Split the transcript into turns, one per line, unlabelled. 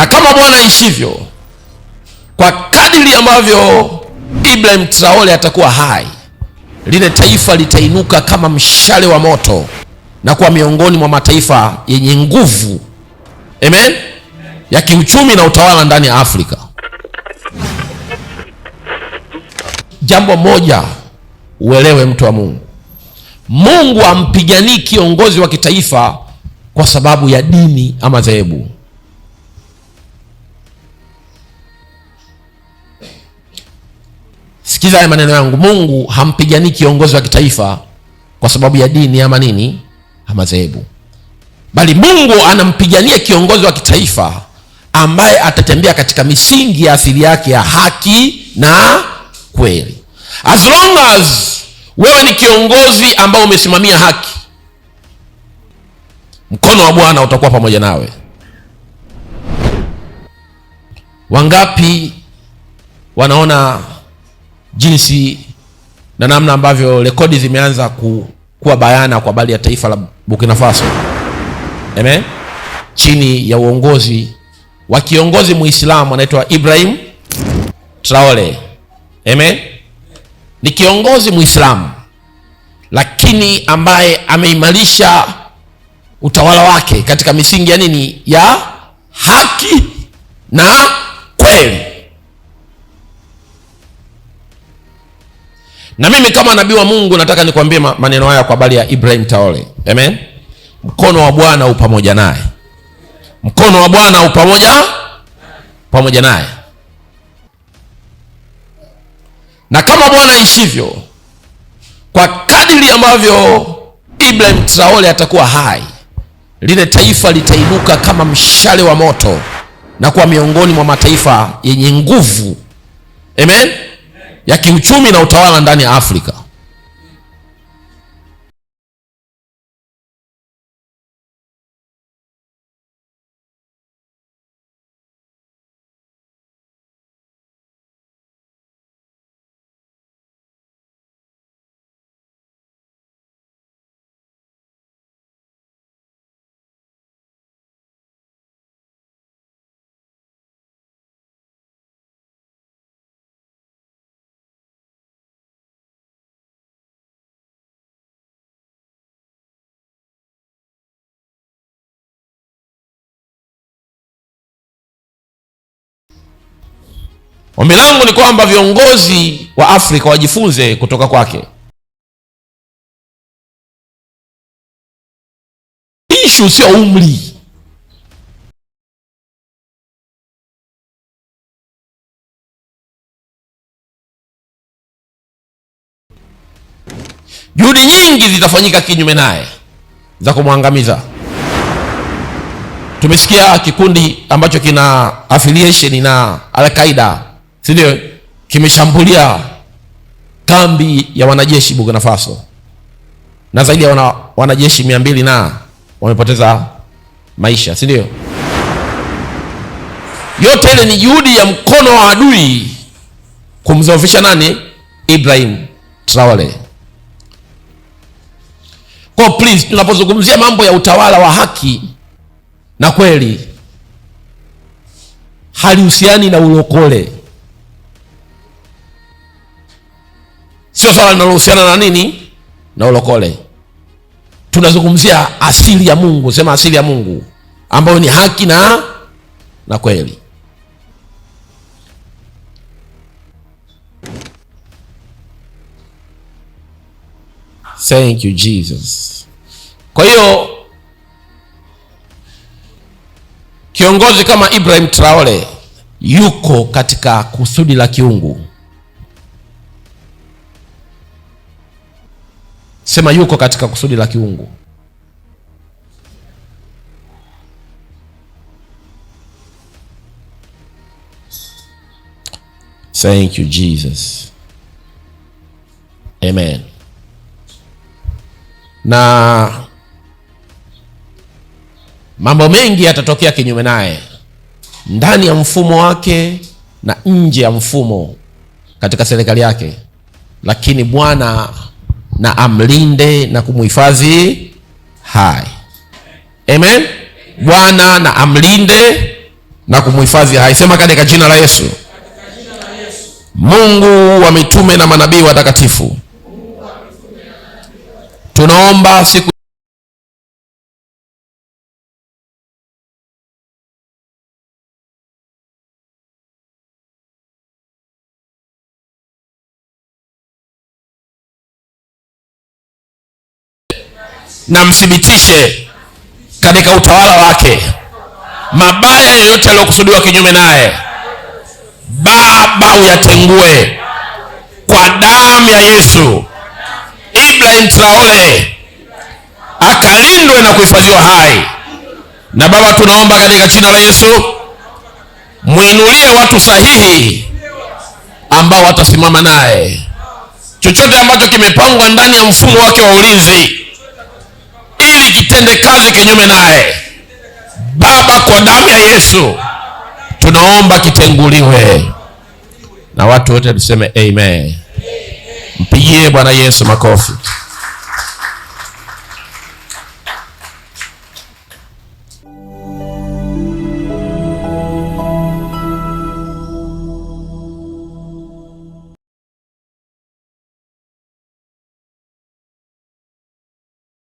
na kama Bwana aishivyo, kwa kadiri ambavyo Ibrahim Traore atakuwa hai, lile taifa litainuka kama mshale wa moto na kuwa miongoni mwa mataifa yenye nguvu amen, ya kiuchumi na utawala ndani ya Afrika. Jambo moja uelewe, mtu wa Mungu, Mungu ampiganii kiongozi wa kitaifa kwa sababu ya dini ama dhehebu. Sikiza haya maneno yangu, Mungu hampiganii kiongozi wa kitaifa kwa sababu ya dini ama nini ama bali Mungu anampigania kiongozi wa kitaifa ambaye atatembea katika misingi ya asili yake ya haki na kweli. As long as wewe ni kiongozi ambao umesimamia haki, mkono wa Bwana utakuwa pamoja nawe. Wangapi wanaona jinsi na namna ambavyo rekodi zimeanza ku, kuwa bayana kwa habari ya taifa la Burkina Faso. Amen. Chini ya uongozi wa kiongozi Muislamu anaitwa Ibrahim Traore. Amen. Ni kiongozi Muislamu lakini ambaye ameimarisha utawala wake katika misingi ya nini? Ya haki na kweli. Na mimi kama nabii wa Mungu nataka nikwambie maneno haya kwa habari ya Ibrahim taole Amen. Mkono wa Bwana u pamoja naye. Mkono wa Bwana u pamoja pamoja naye. Na kama Bwana aishivyo, kwa kadiri ambavyo Ibrahim Traore atakuwa hai, lile taifa litainuka kama mshale wa moto na kuwa miongoni mwa mataifa yenye nguvu. Amen ya kiuchumi na utawala ndani ya Afrika. Ombi langu ni kwamba viongozi wa Afrika wajifunze kutoka kwake. Ishu sio umri. Juhudi nyingi zitafanyika kinyume naye za kumwangamiza. Tumesikia kikundi ambacho kina affiliation na Al-Qaeda si ndio? Kimeshambulia kambi ya wanajeshi Burkina Faso na zaidi ya wana, wanajeshi mia mbili na wamepoteza maisha, si ndio? Yote ile ni juhudi ya mkono wa adui kumzoofisha nani? Ibrahim Traore. Kwa please, tunapozungumzia mambo ya utawala wa haki na kweli halihusiani na ulokole. Sio swala linalohusiana na nini na ulokole. Tunazungumzia asili ya Mungu, sema asili ya Mungu ambayo ni haki na na kweli. Thank you Jesus. Kwa hiyo kiongozi kama Ibrahim Traore yuko katika kusudi la kiungu Sema yuko katika kusudi la kiungu. Thank you Jesus. Amen. Na mambo mengi yatatokea kinyume naye ndani ya mfumo wake na nje ya mfumo katika serikali yake, lakini Bwana na amlinde na kumhifadhi hai. Amen. Bwana na amlinde na kumhifadhi hai. Sema katika jina la Yesu. Mungu wa mitume na manabii watakatifu, tunaomba siku na mthibitishe katika utawala wake mabaya yoyote yaliyokusudiwa kinyume naye, Baba uyatengue kwa damu ya Yesu. Ibrahim traole akalindwe na kuhifadhiwa hai. Na Baba, tunaomba katika jina la Yesu, mwinulie watu sahihi ambao watasimama naye. Chochote ambacho kimepangwa ndani ya mfumo wake wa ulinzi Tende kazi kinyume naye. Baba, kwa damu ya Yesu tunaomba kitenguliwe, na watu wote tuseme amen. Mpigie Bwana Yesu makofi.